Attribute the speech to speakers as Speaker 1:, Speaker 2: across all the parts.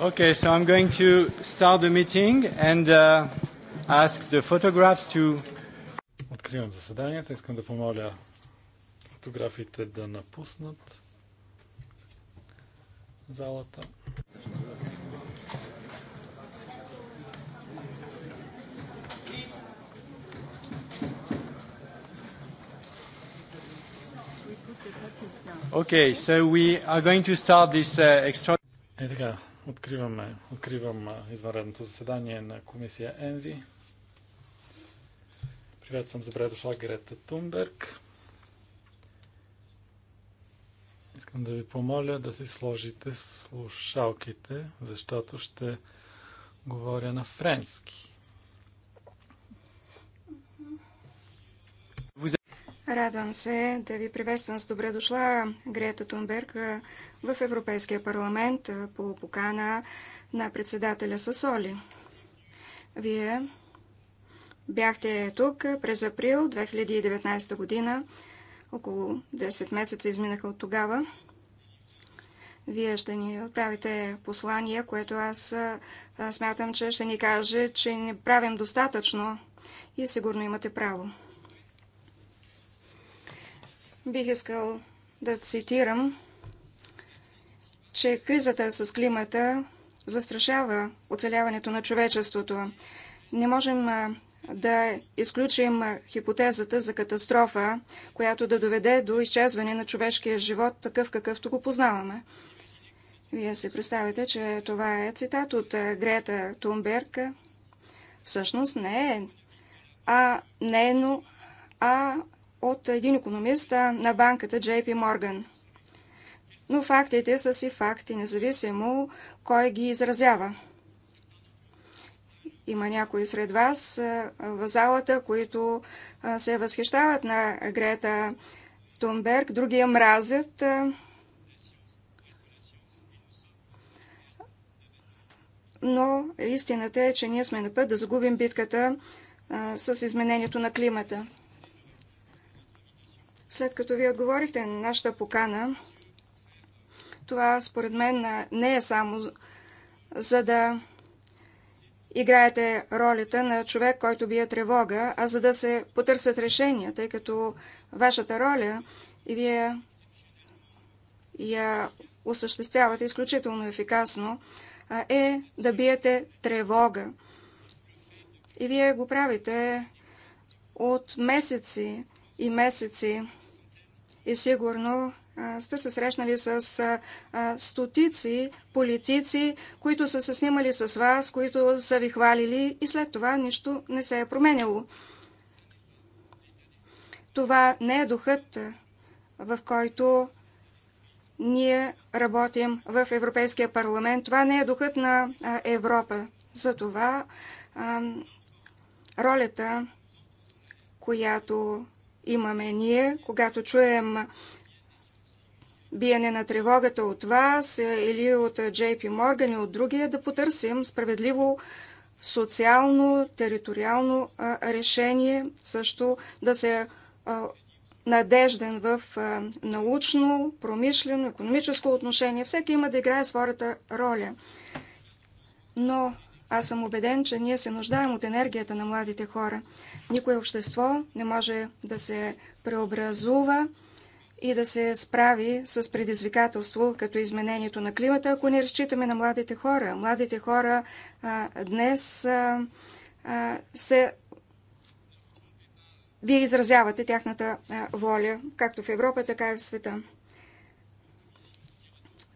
Speaker 1: Okay, so I'm going to start the meeting and uh, ask the photographs to...
Speaker 2: Откривам заседанието. Искам да помоля фотографите да напуснат залата. Okay, so we are going to start this uh, extra... така, Откриваме, откривам извънредното заседание на комисия ЕНВИ. Приветствам за дошла Грета Тунберг. Искам да ви помоля да си сложите слушалките, защото ще говоря на френски.
Speaker 3: Радвам се да ви приветствам с добре дошла, Грета Тунберг, в Европейския парламент по покана на председателя Сасоли. Вие бяхте тук през април 2019 година. Около 10 месеца изминаха от тогава. Вие ще ни отправите послание, което аз смятам, че ще ни каже, че не правим достатъчно и сигурно имате право. Бих искал да цитирам че кризата с климата застрашава оцеляването на човечеството. Не можем да изключим хипотезата за катастрофа, която да доведе до изчезване на човешкия живот, такъв какъвто го познаваме. Вие си представите, че това е цитат от Грета Тунберг. Всъщност не е, а не е, но а от един економист на банката JP Morgan – но фактите са си факти, независимо кой ги изразява. Има някои сред вас в залата, които се възхищават на Грета Тунберг, други я мразят. Но истината е, че ние сме на път да загубим битката с изменението на климата. След като ви отговорихте на нашата покана, това според мен не е само за да играете ролята на човек, който бие тревога, а за да се потърсят решения, тъй като вашата роля и вие я осъществявате изключително ефикасно, е да биете тревога. И вие го правите от месеци и месеци. И сигурно сте се срещнали с стотици политици, които са се снимали с вас, които са ви хвалили и след това нищо не се е променяло. Това не е духът, в който ние работим в Европейския парламент. Това не е духът на Европа. Затова ролята, която имаме ние, когато чуем биене на тревогата от вас е, или от JP е, Morgan и от другия, да потърсим справедливо социално, териториално решение, също да се надежден в научно, промишлено, економическо отношение. Всеки има да играе своята роля. Но аз съм убеден, че ние се нуждаем от енергията на младите хора. Никое общество не може да се преобразува и да се справи с предизвикателство, като изменението на климата, ако не разчитаме на младите хора. Младите хора а, днес а, а, се. Вие изразявате тяхната а, воля, както в Европа, така и в света.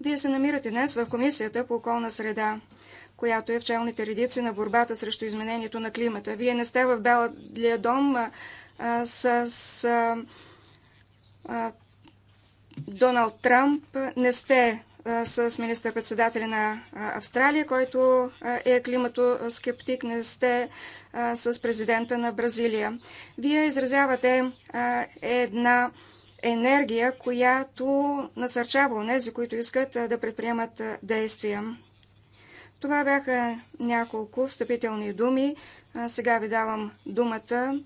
Speaker 3: Вие се намирате днес в Комисията по околна среда, която е в челните редици на борбата срещу изменението на климата. Вие не сте в Белия дом а, а, с. А, Доналд Трамп, не сте с министър-председателя на Австралия, който е климатоскептик, не сте с президента на Бразилия. Вие изразявате една енергия, която насърчава онези, които искат да предприемат действия. Това бяха няколко встъпителни думи. Сега ви давам думата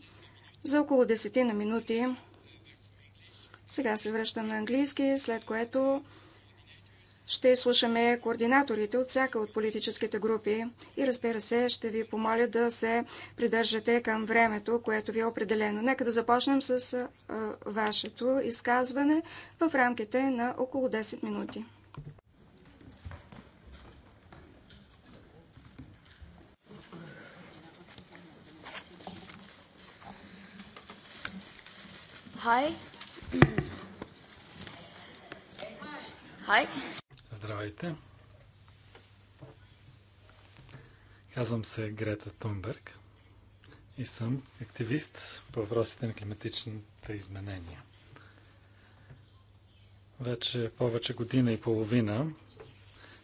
Speaker 3: за около 10 на минути сега се връщам на английски, след което ще слушаме координаторите от всяка от политическите групи и разбира се, ще ви помоля да се придържате към времето, което ви е определено. Нека да започнем с а, вашето изказване в рамките на около 10 минути. Hi, Хай!
Speaker 2: Здравейте! Казвам се Грета Тунберг и съм активист по въпросите на климатичните изменения. Вече повече година и половина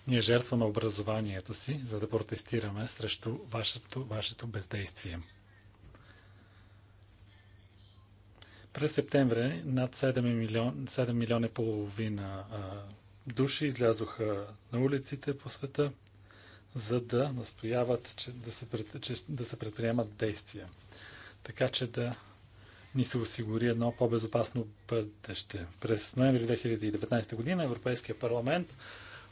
Speaker 2: ние жертваме образованието си, за да протестираме срещу вашето, вашето бездействие. През септември над 7 7 милиона и половина души излязоха на улиците по света, за да настояват че, да, се пред, че, да се предприемат действия, така че да ни се осигури едно по-безопасно бъдеще. През ноември 2019 година Европейския парламент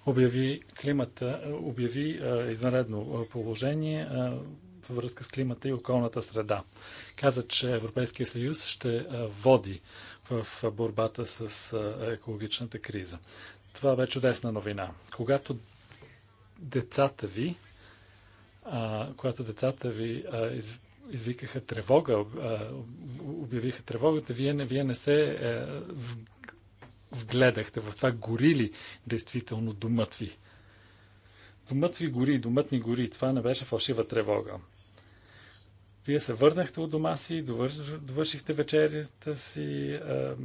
Speaker 2: обяви климата, обяви а, извънредно положение а, във връзка с климата и околната среда. Каза, че Европейския съюз ще води в борбата с екологичната криза. Това бе чудесна новина. Когато децата ви, а, когато децата ви а, из, извикаха тревога, а, обявиха тревогата, вие не, вие не се а, е, в, вгледахте в това, гори ли действително думът ви. Думът ви гори, думът ни гори. Това не беше фалшива тревога. Вие се върнахте от дома си, довършихте вечерята си, а,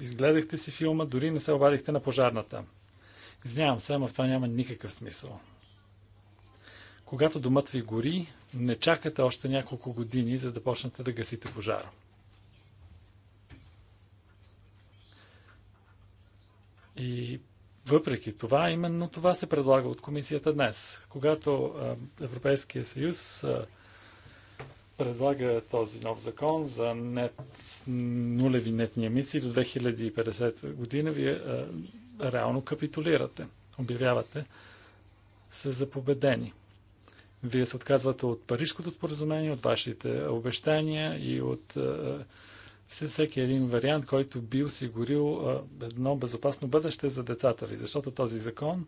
Speaker 2: изгледахте си филма, дори не се обадихте на пожарната. Извинявам се, но в това няма никакъв смисъл. Когато домът ви гори, не чакате още няколко години, за да почнете да гасите пожара. И въпреки това, именно това се предлага от комисията днес. Когато Европейския съюз предлага този нов закон за нет, нулеви нетни емисии до 2050 година, вие а, реално капитулирате, обявявате се за победени. Вие се отказвате от Парижското споразумение, от вашите обещания и от а, всеки един вариант, който би осигурил а, едно безопасно бъдеще за децата ви, защото този закон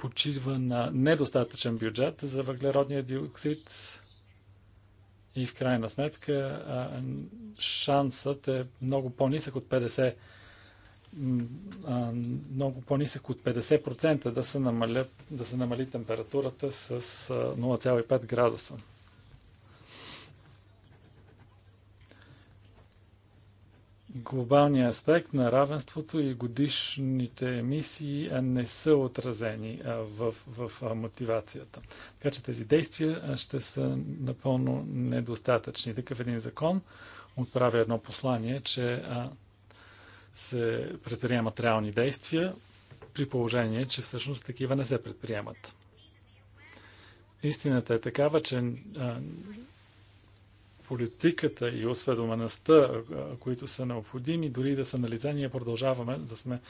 Speaker 2: почива на недостатъчен бюджет за въглеродния диоксид и в крайна сметка шансът е много по-нисък от 50 много по-нисък от 50% да се, намаля, да се намали температурата с 0,5 градуса. глобалния аспект на равенството и годишните емисии не са отразени в, в мотивацията. Така че тези действия ще са напълно недостатъчни. Такъв един закон отправя едно послание, че се предприемат реални действия, при положение, че всъщност такива не се предприемат. Истината е такава, че политиката и осведомеността, които са необходими, дори да са на лице, ние продължаваме да сме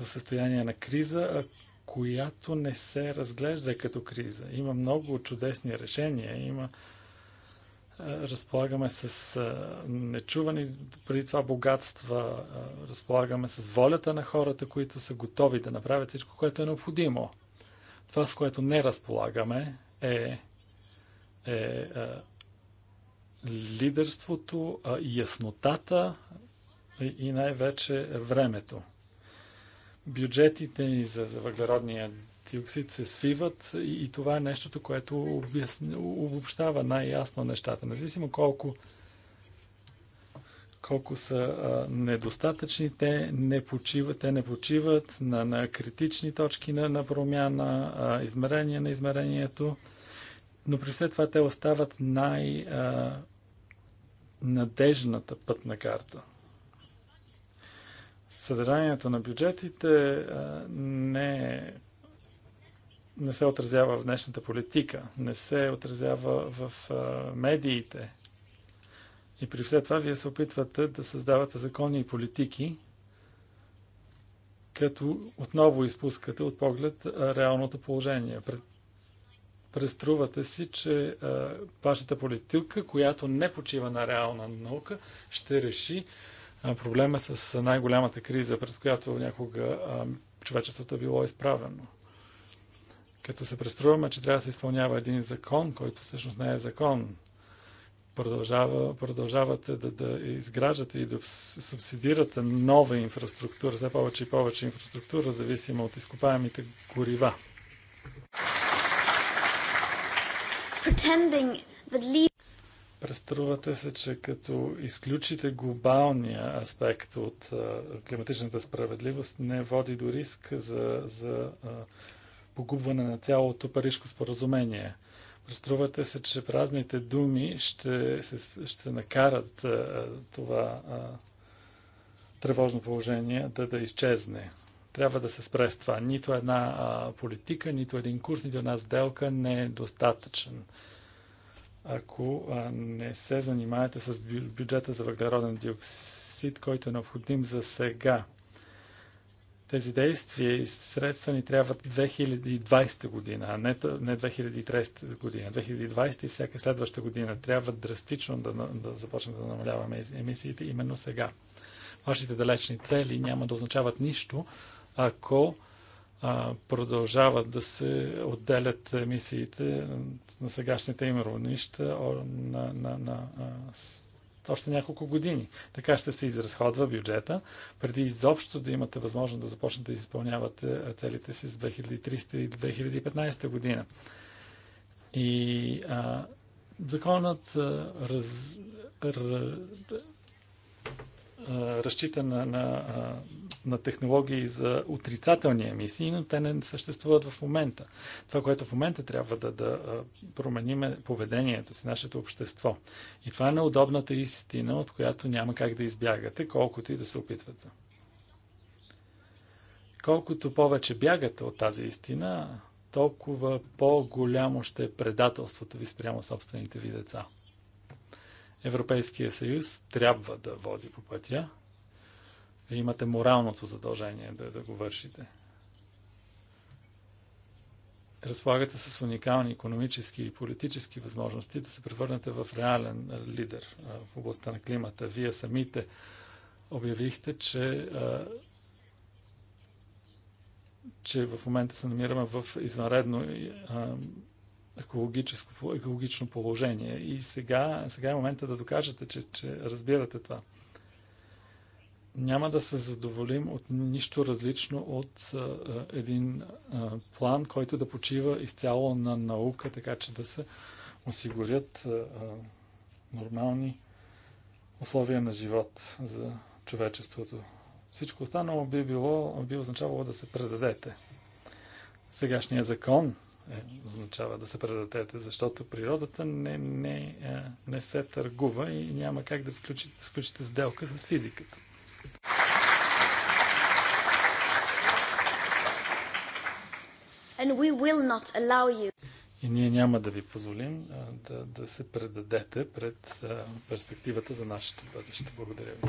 Speaker 2: в състояние на криза, която не се разглежда като криза. Има много чудесни решения, има разполагаме с нечувани преди това богатства, разполагаме с волята на хората, които са готови да направят всичко, което е необходимо. Това, с което не разполагаме, е, е, е лидерството, яснотата и най-вече времето. Бюджетите ни за, въглеродния диоксид се свиват и, това е нещото, което обобщава най-ясно нещата. Независимо колко, колко са недостатъчни, те не почиват, те не почиват на, на критични точки на, на промяна, измерения измерение на измерението, но при все това те остават най- а, надежната пътна карта. Съдържанието на бюджетите е, не, не се отразява в днешната политика, не се отразява в е, медиите. И при все това вие се опитвате да създавате закони и политики, като отново изпускате от поглед е, реалното положение. Пред Преструвате си, че а, вашата политика, която не почива на реална наука, ще реши а, проблема с най-голямата криза, пред която някога а, човечеството е било изправено. Като се преструваме, че трябва да се изпълнява един закон, който всъщност не е закон, продължава, продължавате да, да изграждате и да субсидирате нова инфраструктура, все повече и повече инфраструктура, зависима от изкопаемите горива. Преструвате се, че като изключите глобалния аспект от а, климатичната справедливост, не води до риск за, за а, погубване на цялото парижко споразумение. Преструвате се, че празните думи ще, се, ще накарат а, това тревожно положение да, да изчезне трябва да се спре с това. Нито една а, политика, нито един курс, нито една сделка не е достатъчен. Ако а, не се занимаете с бюджета за въглероден диоксид, който е необходим за сега, тези действия и средства ни трябват 2020 година, а не, не 2030 година. 2020 и всяка следваща година трябва драстично да, да започнем да намаляваме емисиите именно сега. Вашите далечни цели няма да означават нищо, ако а, продължават да се отделят емисиите на сегашните им равнища на, на, на, на още няколко години. Така ще се изразходва бюджета, преди изобщо да имате възможност да започнете да изпълнявате целите си с 2300 и 2015 година. И а, законът раз, раз, разчита на, на, на технологии за отрицателни емисии, но те не съществуват в момента. Това, което в момента трябва да, да променим е поведението си, нашето общество. И това е неудобната истина, от която няма как да избягате, колкото и да се опитвате. Колкото повече бягате от тази истина, толкова по-голямо ще е предателството ви спрямо собствените ви деца. Европейския съюз трябва да води по пътя. Вие имате моралното задължение да, да го вършите. Разполагате с уникални економически и политически възможности да се превърнете в реален лидер в областта на климата. Вие самите обявихте, че че в момента се намираме в извънредно екологическо, екологично положение. И сега, сега е момента да докажете, че, че разбирате това. Няма да се задоволим от нищо различно от а, един а, план, който да почива изцяло на наука, така че да се осигурят а, нормални условия на живот за човечеството. Всичко останало би, било, би означавало да се предадете. Сегашният закон е, означава да се предадете, защото природата не, не, е, не се търгува и няма как да сключите, да сключите сделка с физиката.
Speaker 3: And we will not allow you.
Speaker 2: И ние няма да ви позволим а, е, да, да се предадете пред а, е, перспективата за нашето бъдеще. Благодаря ви.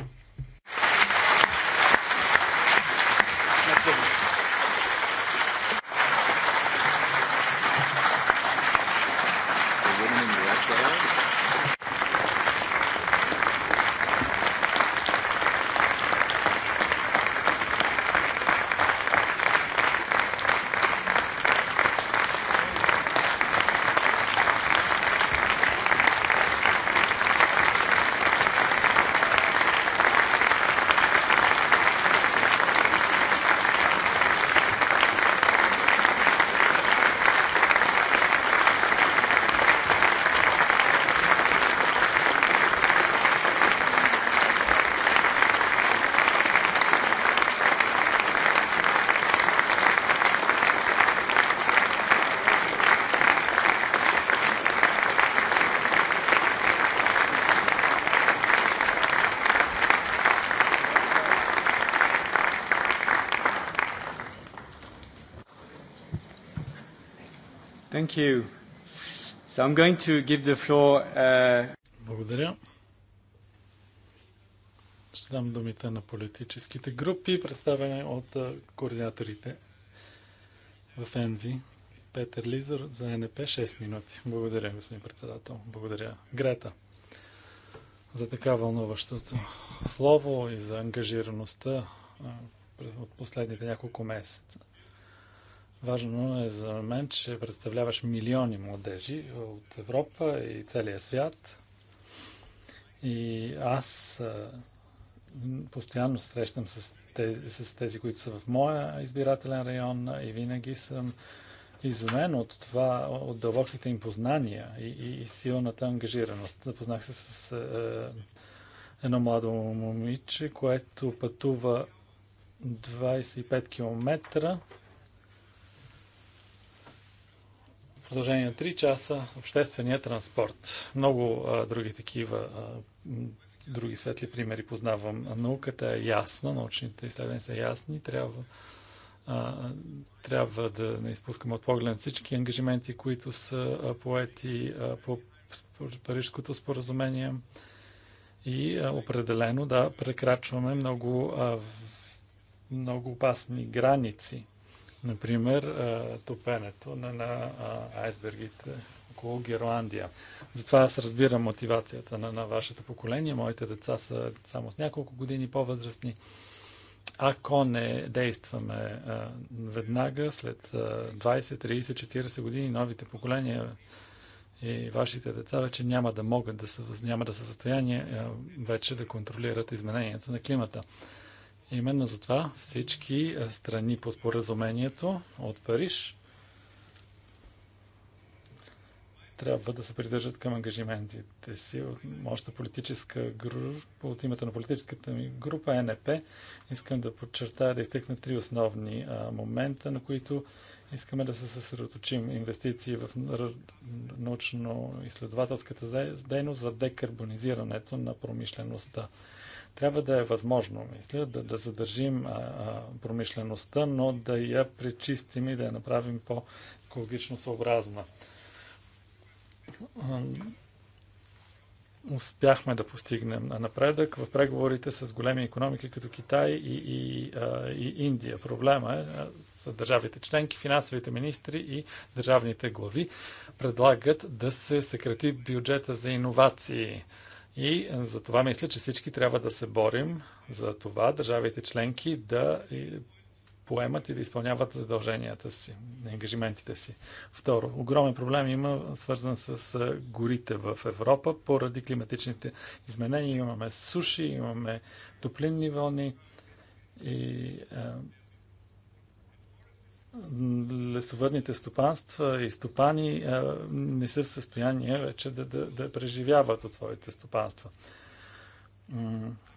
Speaker 2: Thank you. So I'm going to give the floor, uh, Благодаря. Ще дам думите на политическите групи, представени от координаторите в НВ. Петър Лизър за НП 6 минути. Благодаря, господин председател. Благодаря. Грета за така вълнуващото слово и за ангажираността от последните няколко месеца. Важно е за мен, че представляваш милиони младежи от Европа и целия свят. И аз постоянно срещам с тези, с тези, които са в моя избирателен район и винаги съм изумен от това, от дълбоките им познания и, и, и силната ангажираност. Запознах се с е, едно младо момиче, което пътува 25 км продължение на 3 часа обществения транспорт. Много а, други такива, а, други светли примери познавам. Науката е ясна, научните изследвания са ясни, трябва, а, трябва да не изпускаме от поглед всички ангажименти, които са поети по Парижското споразумение. И а, определено, да, прекрачваме много, а, много опасни граници. Например, топенето на, на айсбергите около Герландия. Затова аз разбирам мотивацията на, на вашето поколение. Моите деца са само с няколко години по-възрастни. Ако не действаме а, веднага, след а, 20, 30, 40 години, новите поколения и вашите деца вече няма да могат да са, няма да са състояние а, вече да контролират изменението на климата. Именно затова всички е, страни по споразумението от Париж трябва да се придържат към ангажиментите си. Още политическа група, от името на политическата ми група е НП, искам да подчертая да изтъкна три основни а, момента, на които искаме да се съсредоточим. Инвестиции в научно-изследователската дейност за декарбонизирането на промишлеността. Трябва да е възможно, мисля, да, да задържим а, а, промишлеността, но да я пречистим и да я направим по-екологично съобразна. Успяхме да постигнем напредък в преговорите с големи економики като Китай и, и, а, и Индия. Проблема е са държавите членки, финансовите министри и държавните глави предлагат да се съкрати бюджета за иновации и е, за това мисля, че всички трябва да се борим за това държавите членки да поемат и да изпълняват задълженията си, ангажиментите си. Второ, огромен проблем има свързан с е, горите в Европа поради климатичните изменения. Имаме суши, имаме топлинни вълни и е, лесовъдните стопанства и стопани не са в състояние вече да, да, да преживяват от своите стопанства.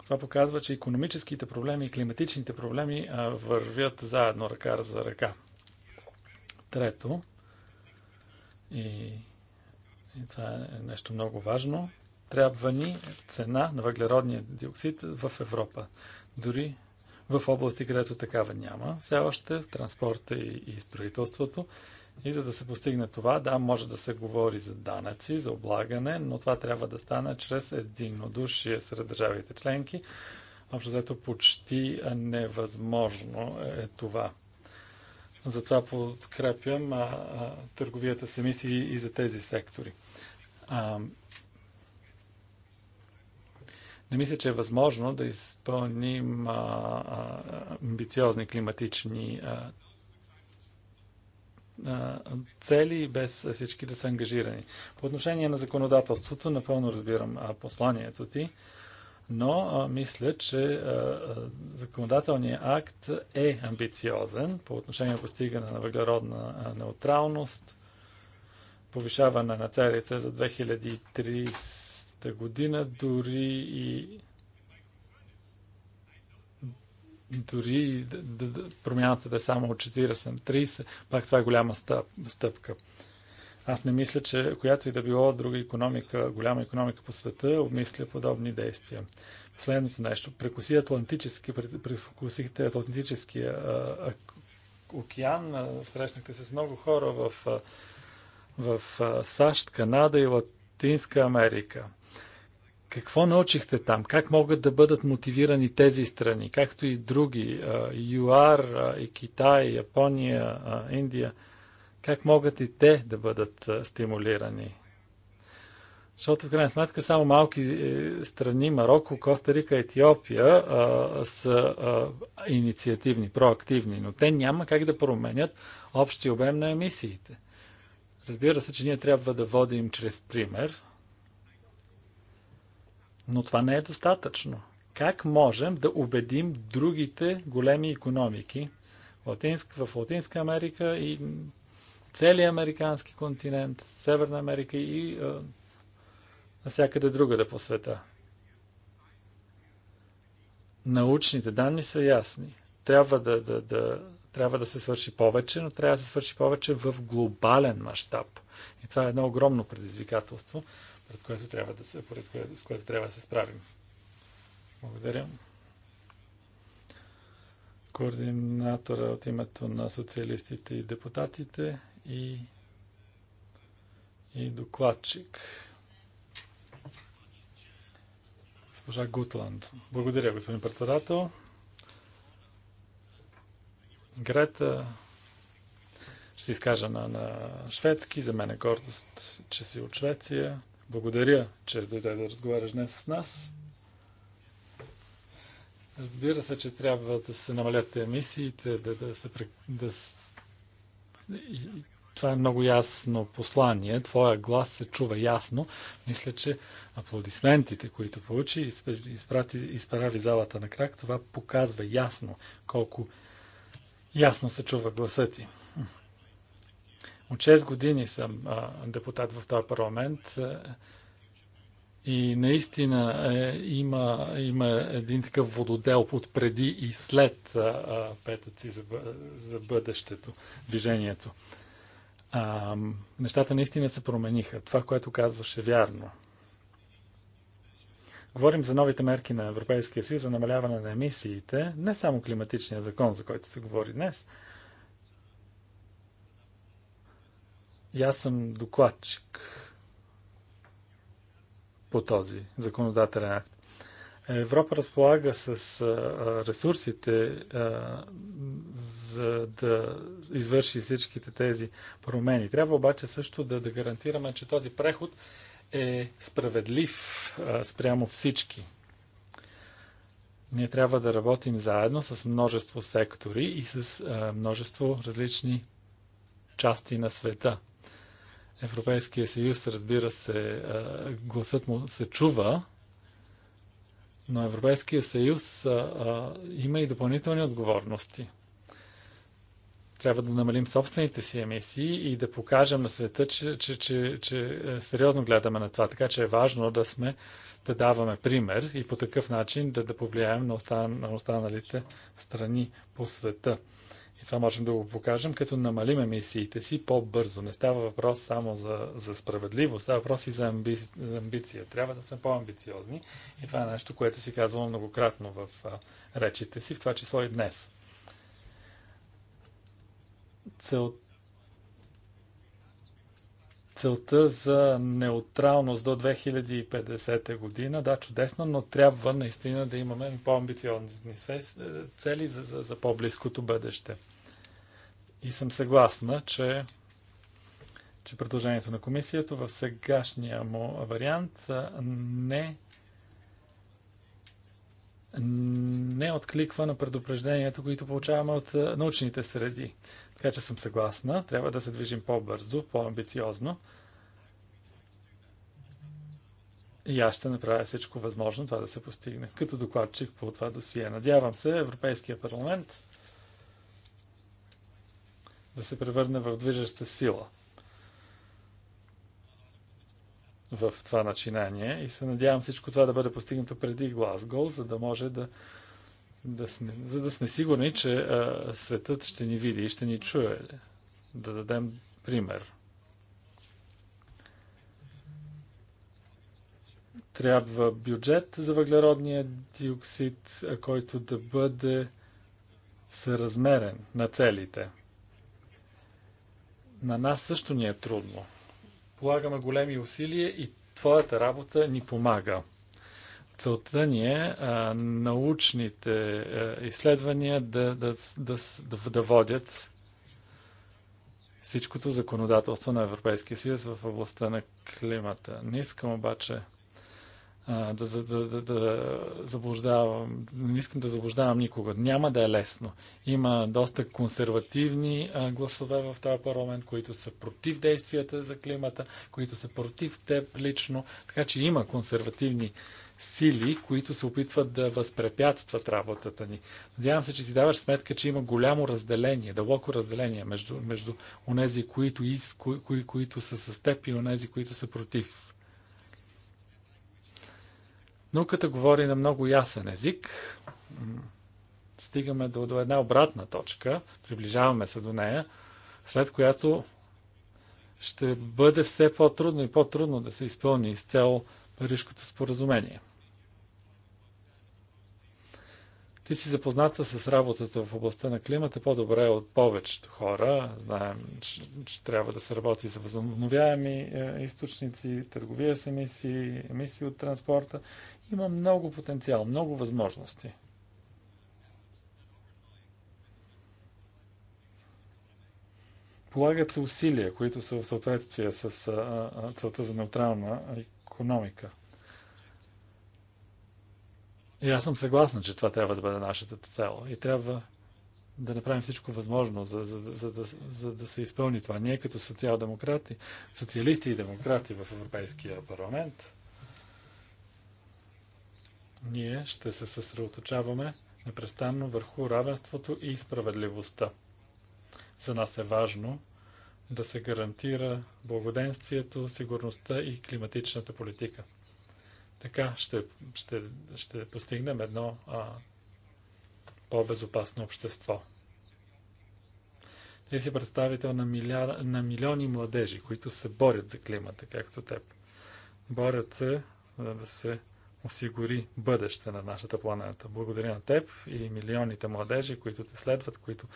Speaker 2: Това показва, че економическите проблеми и климатичните проблеми вървят заедно ръка за ръка. Трето, и, и това е нещо много важно, трябва ни цена на въглеродния диоксид в Европа. Дори в области, където такава няма. Все още в транспорта и, и строителството. И за да се постигне това, да, може да се говори за данъци, за облагане, но това трябва да стане чрез единодушие сред държавите членки. Общо взето почти невъзможно е това. Затова подкрепям а, а, търговията с емисии и за тези сектори. А, не мисля, че е възможно да изпълним а, а, амбициозни климатични а, цели, без всички да са ангажирани. По отношение на законодателството, напълно разбирам посланието ти, но а, мисля, че а, законодателният акт е амбициозен по отношение на постигане на въглеродна неутралност, повишаване на целите за 2030 2015 година дори и дори и да, да, промяната да е само от 40 на 30, пак това е голяма стъп, стъпка. Аз не мисля, че която и да било друга економика, голяма економика по света, обмисля подобни действия. Последното нещо. Прекуси Атлантически, прекусихте Атлантическия а, а, океан, а, срещнахте се с много хора в, а, в а, САЩ, Канада и Латинска Америка. Какво научихте там? Как могат да бъдат мотивирани тези страни, както и други, ЮАР, и Китай, Япония, Индия? Как могат и те да бъдат стимулирани? Защото в крайна сметка само малки е, страни, Марокко, Коста Рика, Етиопия а, са а, инициативни, проактивни, но те няма как да променят общия обем на емисиите. Разбира се, че ние трябва да водим чрез пример, но това не е достатъчно. Как можем да убедим другите големи економики в Латинска Америка и целият американски континент, Северна Америка и а, е, навсякъде другаде по света? Научните данни са ясни. Трябва да, да, да, трябва да се свърши повече, но трябва да се свърши повече в глобален мащаб. И това е едно огромно предизвикателство, пред което трябва да се, пред което, с което трябва да се справим. Благодаря. Координатора от името на социалистите и депутатите и, и докладчик. Госпожа Гутланд. Благодаря, господин председател. Грета, ще се изкажа на, на шведски. За мен е гордост, че си от Швеция. Благодаря, че дойде да разговаряш днес с нас. Разбира се, че трябва да се намалят емисиите, да, да се... Да, това е много ясно послание. Твоя глас се чува ясно. Мисля, че аплодисментите, които получи, изпрати, изправи залата на крак, това показва ясно колко ясно се чува гласа ти. От 6 години съм депутат в този парламент е, и наистина е, има, има един такъв вододел от преди и след петъци за, за бъдещето, движението. А, нещата наистина се промениха. Това, което казваше, вярно. Говорим за новите мерки на Европейския съюз за намаляване на емисиите, не само климатичния закон, за който се говори днес, И аз съм докладчик по този законодателен акт. Европа разполага с ресурсите, за да извърши всичките тези промени. Трябва обаче също да, да гарантираме, че този преход е справедлив спрямо всички. Ние трябва да работим заедно с множество сектори и с множество различни части на света. Европейския съюз, разбира се, е, гласът му се чува, но Европейския съюз е, е, има и допълнителни отговорности. Трябва да намалим собствените си емисии и да покажем на света, че, че, че, че сериозно гледаме на това. Така че е важно да сме, да даваме пример и по такъв начин да, да повлияем на останалите страни по света. И това можем да го покажем, като намалим емисиите си по-бързо. Не става въпрос само за, за справедливост, става въпрос и за, амби, за амбиция. Трябва да сме по-амбициозни. И това е нещо, което си казвам многократно в а, речите си, в това число и днес. Целта целта за неутралност до 2050 година. Да, чудесно, но трябва наистина да имаме по-амбициозни цели за, за, за по-близкото бъдеще. И съм съгласна, че, че предложението на комисията в сегашния му вариант не не откликва на предупрежденията, които получаваме от научните среди. Така че съм съгласна. Трябва да се движим по-бързо, по-амбициозно. И аз ще направя всичко възможно това да се постигне, като докладчик по това досие. Надявам се Европейския парламент да се превърне в движеща сила в това начинание и се надявам всичко това да бъде постигнато преди Глазгол, за да може да да сме, за да сме сигурни, че а, светът ще ни види и ще ни чуе. Да дадем пример. Трябва бюджет за въглеродния диоксид, който да бъде съразмерен на целите. На нас също ни е трудно. Полагаме големи усилия и твоята работа ни помага. Целта ни е а, научните а, изследвания да, да, да, да, да водят всичкото законодателство на Европейския съюз в областта на климата. Не искам обаче а, да, да, да, да заблуждавам, не искам да заблуждавам никога. Няма да е лесно. Има доста консервативни а, гласове в този парламент, които са против действията за климата, които са против теб лично. Така че има консервативни а, сили, които се опитват да възпрепятстват работата ни. Надявам се, че си даваш сметка, че има голямо разделение, дълбоко разделение между, между онези, които, из, кои, кои, които са с теб и онези, които са против. Науката говори на много ясен език. Стигаме до, до една обратна точка, приближаваме се до нея, след която ще бъде все по-трудно и по-трудно да се изпълни изцяло Парижкото споразумение. Ти си запозната с работата в областта на климата по-добре от повечето хора. Знаем, че, че трябва да се работи за възобновяеми е, източници, търговия с емисии, емисии от транспорта. Има много потенциал, много възможности. Полагат се усилия, които са в съответствие с е, е, целта за неутрална економика. И аз съм съгласен, че това трябва да бъде нашата цел. И трябва да направим всичко възможно, за, за, за, за, да, за да се изпълни това. Ние като социал-демократи, социалисти и демократи в Европейския парламент, ние ще се съсредоточаваме непрестанно върху равенството и справедливостта. За нас е важно да се гарантира благоденствието, сигурността и климатичната политика. Така ще, ще, ще постигнем едно по-безопасно общество. Ти си представител на, миля... на милиони младежи, които се борят за климата, както теб. Борят се за да се осигури бъдеще на нашата планета. Благодаря на теб и милионите младежи, които те следват, които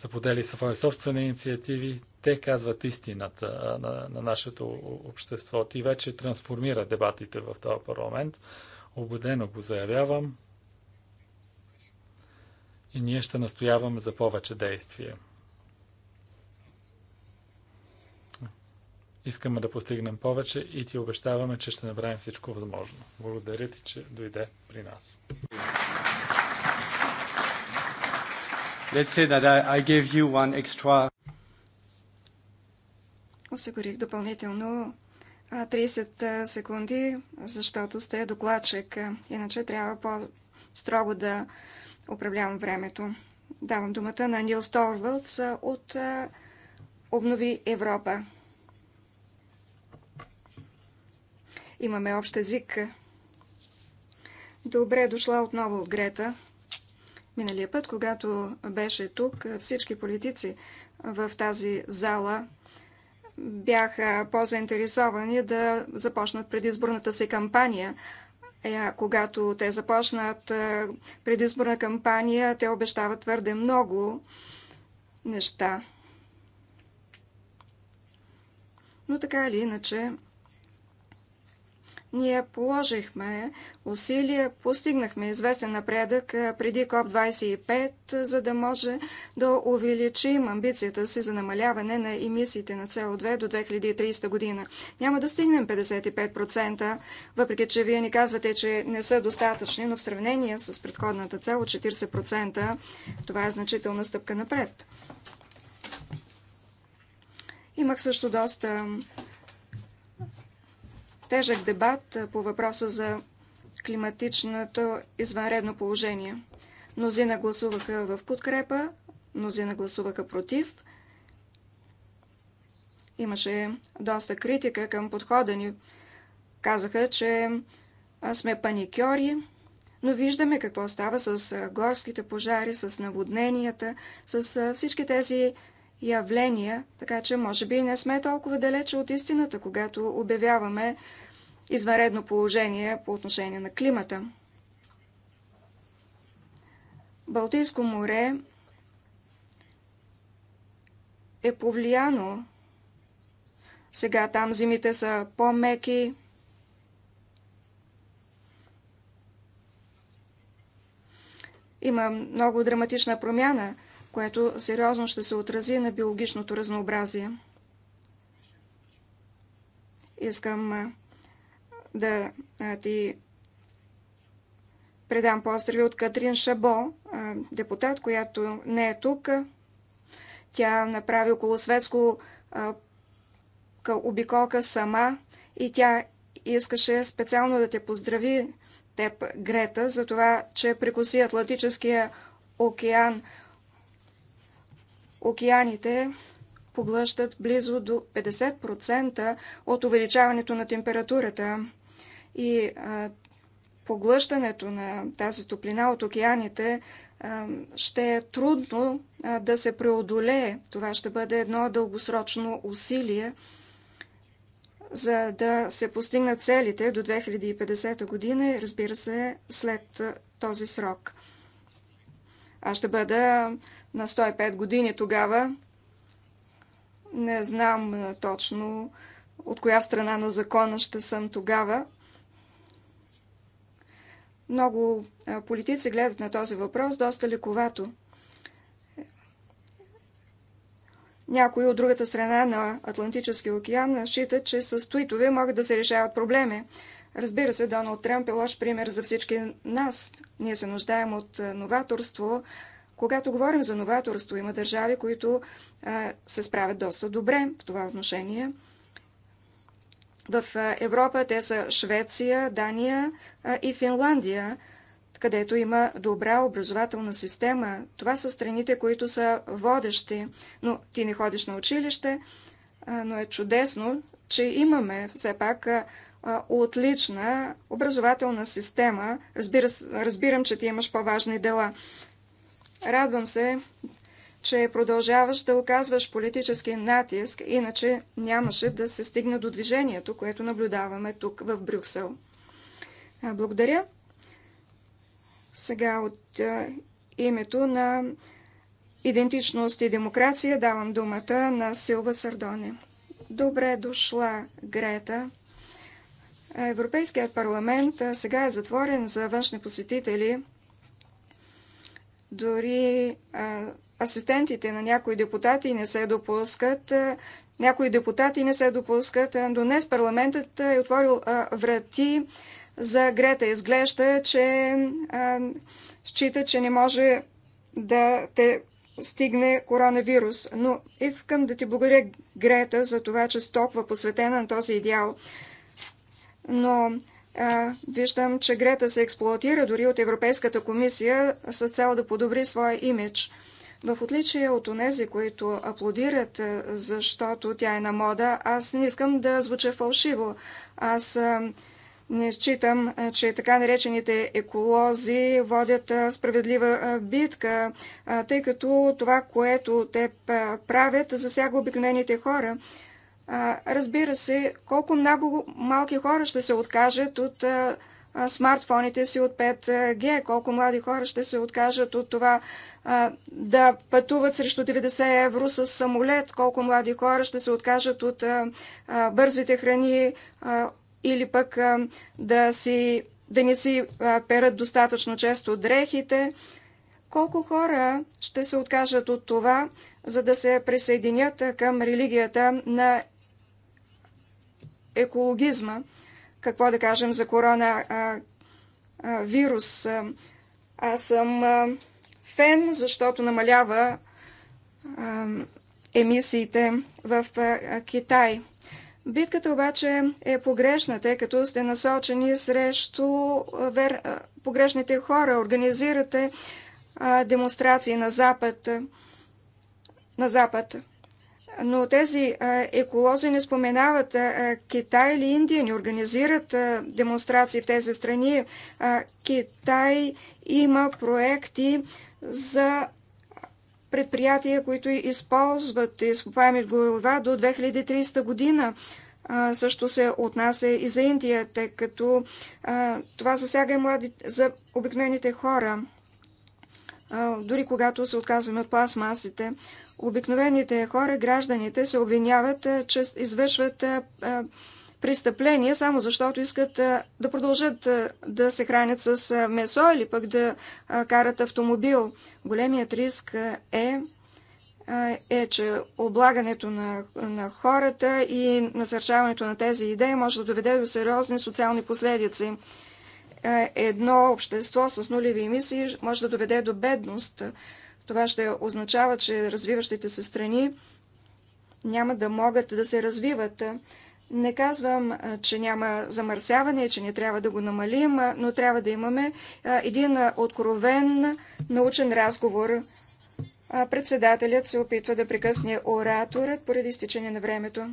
Speaker 2: са подели свои собствени инициативи, те казват истината на, на нашето общество. Ти вече трансформира дебатите в този парламент. Обедено го заявявам. И ние ще настояваме за повече действия. Искаме да постигнем повече и ти обещаваме, че ще направим всичко възможно. Благодаря ти, че дойде при нас. Let's say that I, I gave you one extra.
Speaker 3: Осигурих допълнително 30 секунди, защото сте докладчик. Иначе трябва по-строго да управлявам времето. Давам думата на Нил Сторвълс от Обнови Европа. Имаме общ език. Добре е дошла отново от Грета. Миналия път, когато беше тук, всички политици в тази зала бяха по-заинтересовани да започнат предизборната си кампания. Е, а когато те започнат е, предизборна кампания, те обещават твърде много неща. Но така или иначе, ние положихме усилия, постигнахме известен напредък преди КОП-25, за да може да увеличим амбицията си за намаляване на емисиите на СО2 до 2030 година. Няма да стигнем 55%, въпреки че вие ни казвате, че не са достатъчни, но в сравнение с предходната цел 40%, това е значителна стъпка напред. Имах също доста тежък дебат по въпроса за климатичното извънредно положение. Мнозина гласуваха в подкрепа, мнозина гласуваха против. Имаше доста критика към подхода ни. Казаха, че сме паникьори, но виждаме какво става с горските пожари, с наводненията, с всички тези явления, така че може би не сме толкова далече от истината, когато обявяваме извънредно положение по отношение на климата. Балтийско море е повлияно. Сега там зимите са по-меки. Има много драматична промяна – което сериозно ще се отрази на биологичното разнообразие. Искам да ти предам поздрави от Катрин Шабо, депутат, която не е тук. Тя направи около светско обиколка сама и тя искаше специално да те поздрави теб, Грета, за това, че прекоси Атлантическия океан океаните поглъщат близо до 50% от увеличаването на температурата и а, поглъщането на тази топлина от океаните а, ще е трудно а, да се преодолее. Това ще бъде едно дългосрочно усилие, за да се постигнат целите до 2050 година и разбира се след този срок. Аз ще бъда на 105 години тогава. Не знам точно от коя страна на закона ще съм тогава. Много политици гледат на този въпрос доста лековато. Някои от другата страна на Атлантическия океан считат, че с туитове могат да се решават проблеми. Разбира се, Доналд Тръмп е лош пример за всички нас. Ние се нуждаем от новаторство, когато говорим за новаторство, има държави, които а, се справят доста добре в това отношение. В Европа те са Швеция, Дания а, и Финландия, където има добра образователна система. Това са страните, които са водещи. Но ти не ходиш на училище, а, но е чудесно, че имаме все пак отлична образователна система. Разбира, разбирам, че ти имаш по-важни дела. Радвам се, че продължаваш да оказваш политически натиск, иначе нямаше да се стигне до движението, което наблюдаваме тук в Брюксел. Благодаря. Сега от името на Идентичност и демокрация давам думата на Силва Сардони. Добре дошла, Грета. Европейският парламент сега е затворен за външни посетители – дори а, асистентите на някои депутати не се допускат. А, някои депутати не се допускат. А, до днес парламентът е отворил а, врати за Грета. Изглежда, че а, счита, че не може да те стигне коронавирус. Но искам да ти благодаря, Грета, за това, че си толкова посветена на този идеал. Но а виждам, че Грета се експлуатира дори от Европейската комисия с цел да подобри своя имидж. В отличие от онези, които аплодират, защото тя е на мода, аз не искам да звуча фалшиво. Аз не считам, че така наречените еколози водят справедлива битка, тъй като това, което те правят, засяга обикновените хора разбира се, колко много малки хора ще се откажат от смартфоните си от 5G, колко млади хора ще се откажат от това а, да пътуват срещу 90 евро с самолет, колко млади хора ще се откажат от а, а, бързите храни или пък да, си, да не си перат достатъчно често дрехите. Колко хора ще се откажат от това, за да се присъединят към религията на екологизма. Какво да кажем за корона а, а, вирус? Аз съм а, фен, защото намалява а, емисиите в а, Китай. Битката обаче е погрешна, тъй като сте насочени срещу вер... погрешните хора. Организирате а, демонстрации на Запад. На Запад но тези еколози не споменават Китай или Индия, не организират демонстрации в тези страни. Китай има проекти за предприятия, които използват изкопаеми голова до 2300 година. Също се отнася и за Индия, тъй като това засяга и млади, за обикновените хора дори когато се отказваме от пластмасите. Обикновените хора, гражданите, се обвиняват, че извършват престъпления, само защото искат да продължат да се хранят с месо или пък да карат автомобил. Големият риск е, е че облагането на, на хората и насърчаването на тези идеи може да доведе до сериозни социални последици. Е, едно общество с нулеви емисии може да доведе до бедност. Това ще означава, че развиващите се страни няма да могат да се развиват. Не казвам, е, че няма замърсяване, че не трябва да го намалим, но трябва да имаме е, един откровен научен разговор. Председателят се опитва да прекъсне ораторът поради изтичане на времето.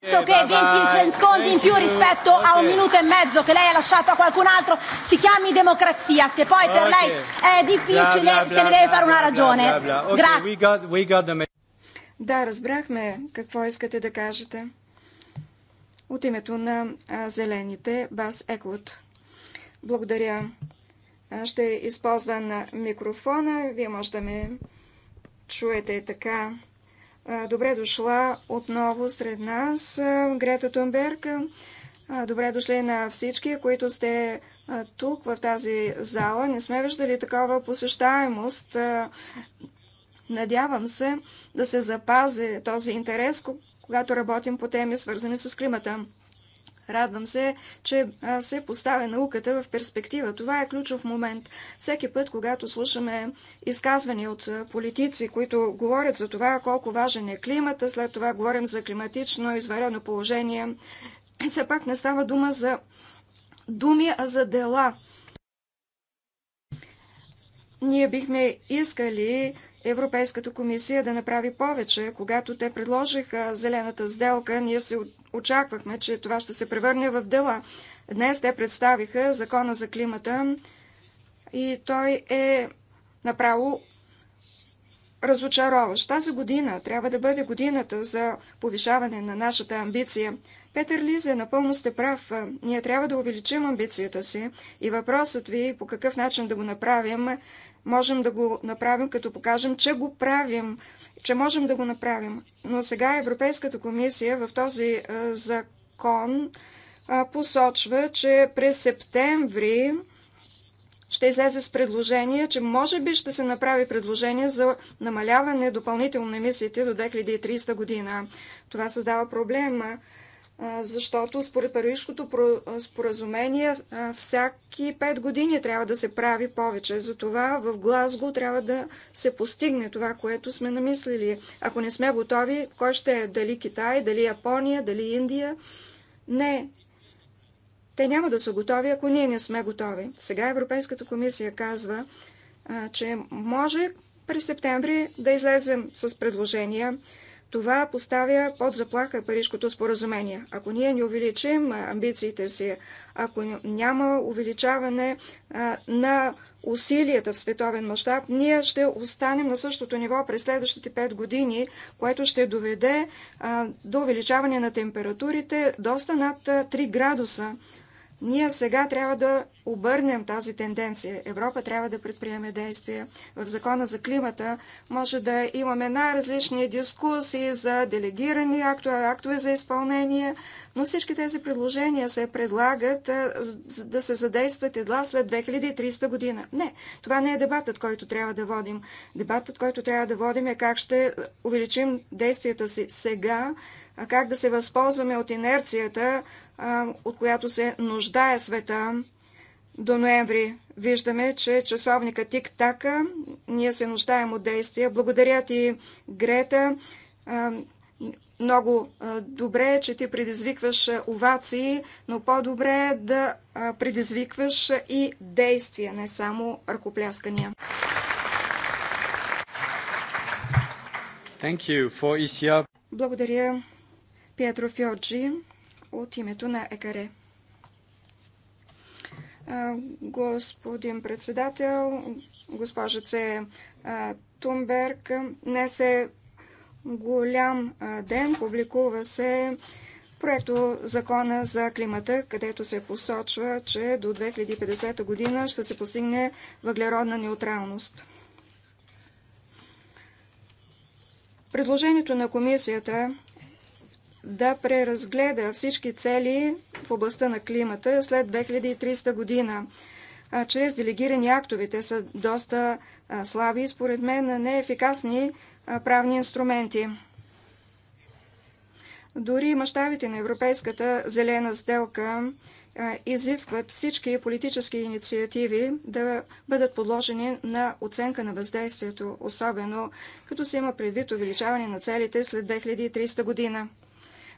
Speaker 3: Penso che 20 secondi in più rispetto a un minuto e
Speaker 1: mezzo che lei ha lasciato a qualcun altro si chiami
Speaker 3: democrazia. Se poi per lei è difficile, se ne deve fare una ragione. Grazie. Да, разбрахме какво искате да кажете. От името на зелените, Бас Еклот. Благодаря. Ще използвам микрофона. Вие може да ме чуете така. Добре дошла отново сред нас, Грета Тунберг. Добре дошли на всички, които сте тук в тази зала. Не сме виждали такава посещаемост. Надявам се да се запази този интерес, когато работим по теми, свързани с климата. Радвам се, че се поставя науката в перспектива. Това е ключов момент. Всеки път, когато слушаме изказвания от политици, които говорят за това колко важен е климата, след това говорим за климатично изварено положение, все пак не става дума за думи, а за дела. Ние бихме искали Европейската комисия да направи повече. Когато те предложиха зелената сделка, ние се очаквахме, че това ще се превърне в дела. Днес те представиха закона за климата и той е направо разочароващ. Тази година трябва да бъде годината за повишаване на нашата амбиция. Петър Лизе, напълно сте прав. Ние трябва да увеличим амбицията си и въпросът ви по какъв начин да го направим можем да го направим, като покажем, че го правим, че можем да го направим. Но сега Европейската комисия в този закон посочва, че през септември ще излезе с предложение, че може би ще се направи предложение за намаляване допълнително на емисиите до 2030 година. Това създава проблема, защото според Парижското споразумение всяки 5 години трябва да се прави повече. Затова в Глазго трябва да се постигне това, което сме намислили. Ако не сме готови, кой ще е? Дали Китай, дали Япония, дали Индия? Не. Те няма да са готови, ако ние не сме готови. Сега Европейската комисия казва, че може през септември да излезем с предложения. Това поставя под заплаха Парижкото споразумение. Ако ние не увеличим амбициите си, ако няма увеличаване на усилията в световен мащаб, ние ще останем на същото ниво през следващите 5 години, което ще доведе до увеличаване на температурите доста над 3 градуса. Ние сега трябва да обърнем тази тенденция. Европа трябва да предприеме действия. В закона за климата може да имаме най-различни дискусии за делегирани актове, актове за изпълнение, но всички тези предложения се предлагат да се задействат едва след 2300 година. Не, това не е дебатът, който трябва да водим. Дебатът, който трябва да водим е как ще увеличим действията си сега, а как да се възползваме от инерцията от която се нуждае света. До ноември виждаме, че часовника тик-така, ние се нуждаем от действия. Благодаря ти, Грета. Много добре е, че ти предизвикваш овации, но по-добре е да предизвикваш и действия, не само ръкопляскания.
Speaker 2: E
Speaker 3: Благодаря, Петро Фьорджи от името на ЕКАРЕ. Господин председател, госпожице Тумберг, днес е голям ден. Публикува се проекто Закона за климата, където се посочва, че до 2050 година ще се постигне въглеродна неутралност. Предложението на комисията да преразгледа всички цели в областта на климата след 2300 година. А, чрез делегирани те са доста а, слаби и според мен неефикасни а, правни инструменти. Дори мащабите на Европейската зелена сделка изискват всички политически инициативи да бъдат подложени на оценка на въздействието, особено като се има предвид увеличаване на целите след 2300 година.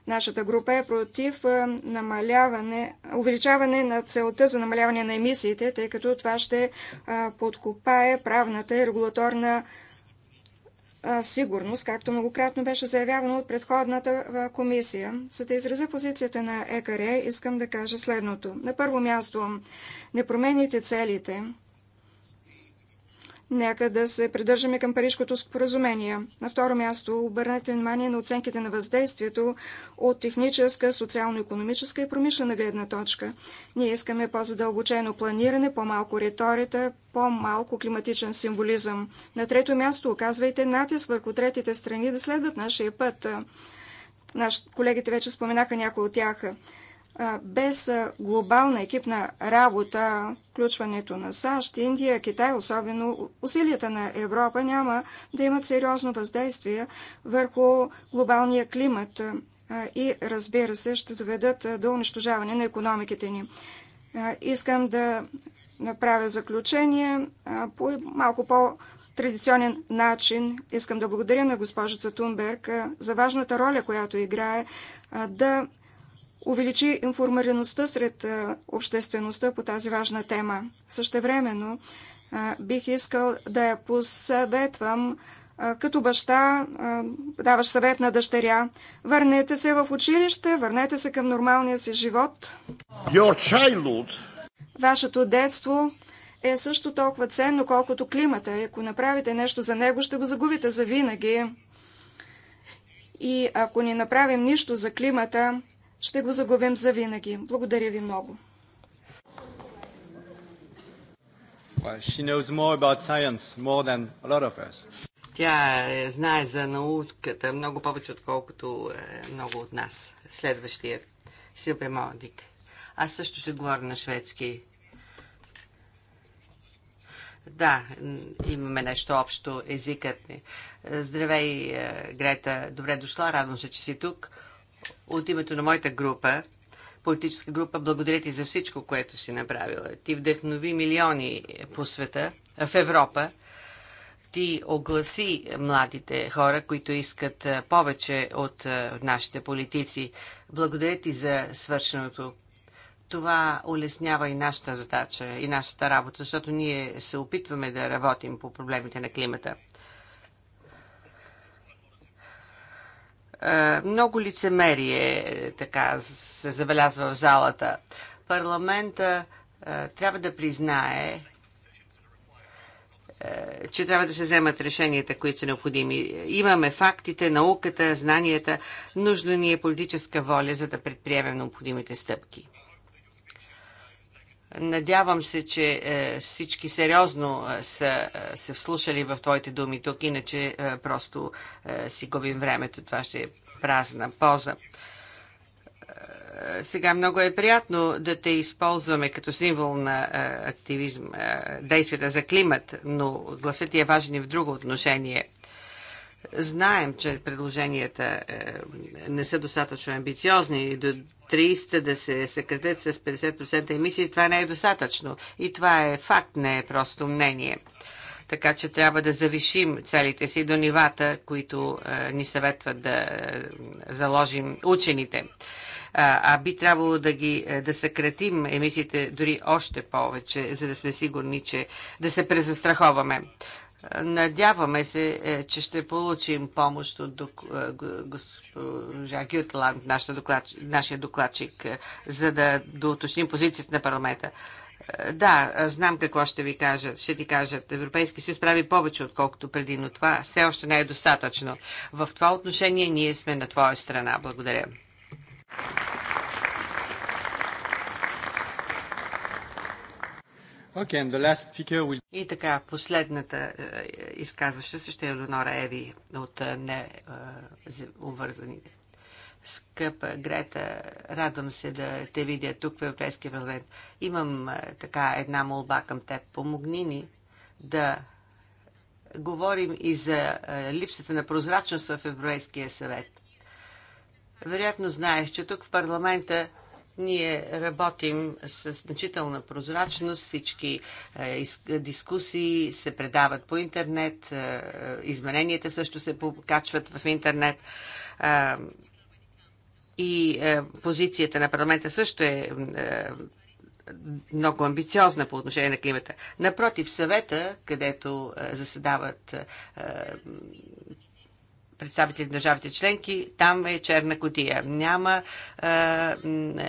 Speaker 3: Нашата група е против намаляване, увеличаване на целта за намаляване на емисиите, тъй като това ще подкопае правната и регулаторна сигурност, както многократно беше заявявано от предходната комисия. За да изразя позицията на ЕКР, искам да кажа следното. На първо място, не промените целите. Нека да се придържаме към Парижкото споразумение. На второ място, обърнете внимание на оценките на въздействието от техническа, социално-економическа и промишлена гледна точка. Ние искаме по-задълбочено планиране, по-малко риторията, по-малко климатичен символизъм. На трето място, оказвайте натиск върху третите страни да следват нашия път. Наш... Колегите вече споменаха някои от тях без глобална екипна работа, включването на САЩ, Индия, Китай, особено усилията на Европа няма да имат сериозно въздействие върху глобалния климат и разбира се ще доведат до унищожаване на економиките ни. Искам да направя заключение по малко по- традиционен начин. Искам да благодаря на госпожица Тунберг за важната роля, която играе да увеличи информираността сред обществеността по тази важна тема. Същевременно бих искал да я посъветвам като баща, даваш съвет на дъщеря. Върнете се в училище, върнете се към нормалния си живот. Вашето детство е също толкова ценно, колкото климата. Ако направите нещо за него, ще го загубите завинаги. И ако не направим нищо за климата, ще го загубим завинаги. Благодаря ви много. Тя
Speaker 1: знае за науката много повече, отколкото е, много от нас. Следващия Силпе Модик. Аз също ще говоря на шведски. Да, имаме нещо общо езикът ни. Е, здравей, е, Грета. Добре дошла. Радвам се, че си тук от името на моята група, политическа група, благодаря ти за всичко, което си направила. Ти вдъхнови милиони по света, в Европа. Ти огласи младите хора, които искат повече от нашите политици. Благодаря ти за свършеното. Това улеснява и нашата задача, и нашата работа, защото ние се опитваме да работим по проблемите на климата. Е, много лицемерие е, така се забелязва в залата. Парламента е, трябва да признае, че трябва да се вземат решенията, които са необходими. Имаме фактите, науката, знанията. Нужна ни е политическа воля, за да предприемем необходимите стъпки. Надявам се, че е, всички сериозно е, са е, се вслушали в твоите думи тук, иначе е, просто е, си губим времето. Това ще е празна поза. Е, сега много е приятно да те използваме като символ на активизъм, действията за климат, но гласът ти е важен и в друго отношение – Знаем, че предложенията е, не са достатъчно амбициозни. До 300 да се съкратят с 50% емисии, това не е достатъчно. И това е факт, не е просто мнение. Така че трябва да завишим целите си до нивата, които е, ни съветват да е, заложим учените а би трябвало да, ги, да съкратим емисиите дори още повече, за да сме сигурни, че да се презастраховаме. Надяваме се, е, че ще получим помощ от док... Е, госпожа Гютланд, доклад... нашия докладчик, е, за да доуточним позицията на парламента. Да, знам какво ще ви кажат. Ще ти кажат. Европейски съюз прави повече, отколкото преди, но това все още не е достатъчно. В това отношение ние сме на твоя страна. Благодаря. Okay, and the last speaker will... И така, последната е, изказваща се ще е Леонора Еви от е, необвързаните е, Скъпа Грета, радвам се да те видя тук в Европейския парламент. Имам така една молба към теб. Помогни ни да говорим и за липсата на прозрачност в Европейския съвет. Вероятно знаеш, че тук в парламента ние работим с значителна прозрачност, всички е, дискусии се предават по интернет, е, измененията също се покачват в интернет е, и позицията на парламента също е много амбициозна по отношение на климата. Напротив, съвета, където заседават представители на държавите членки, там е черна котия. Няма а,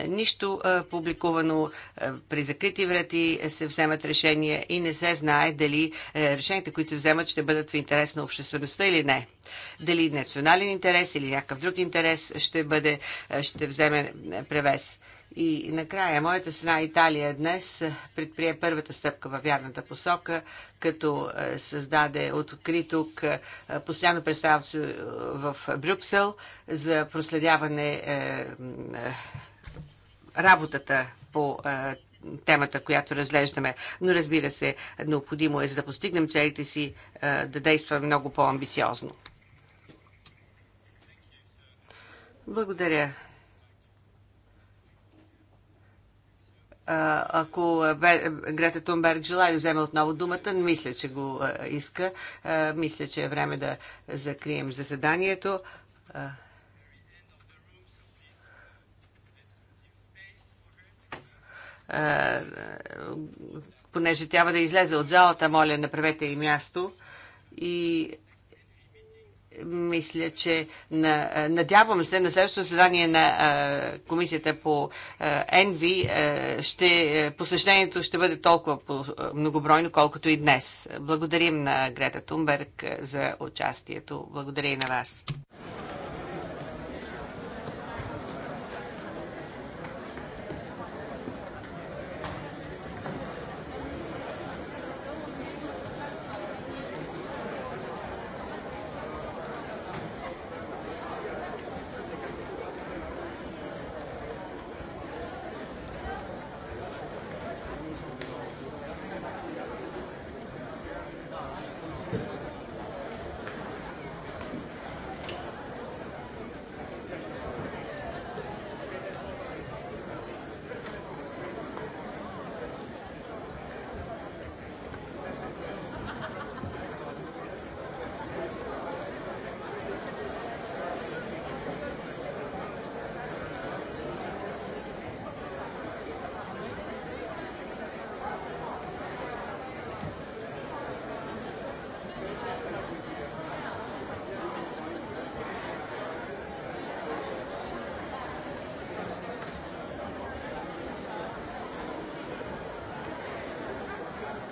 Speaker 1: нищо а, публикувано а, при закрити врати се вземат решения и не се знае дали а, е, решенията, които се вземат, ще бъдат в интерес на обществеността или не. Дали национален интерес или някакъв друг интерес ще, бъде, ще вземе превес. И накрая, моята страна Италия днес предприе първата стъпка във вярната посока, като е, създаде открито е, постоянно представителство в Брюксел за проследяване е, работата по темата, която разглеждаме. Но разбира се, необходимо е, за да постигнем целите си, да действаме много по-амбициозно. Благодаря, ако Грета Тунберг желая да вземе отново думата, мисля, че го иска. Мисля, че е време да закрием заседанието. Понеже трябва да излезе от залата, моля, направете и място. И мисля, че на, надявам се на следващото заседание на а, комисията по а, Енви а, ще, посещението ще бъде толкова по, многобройно, колкото и днес. Благодарим на Грета Тунберг за участието. Благодаря и на вас.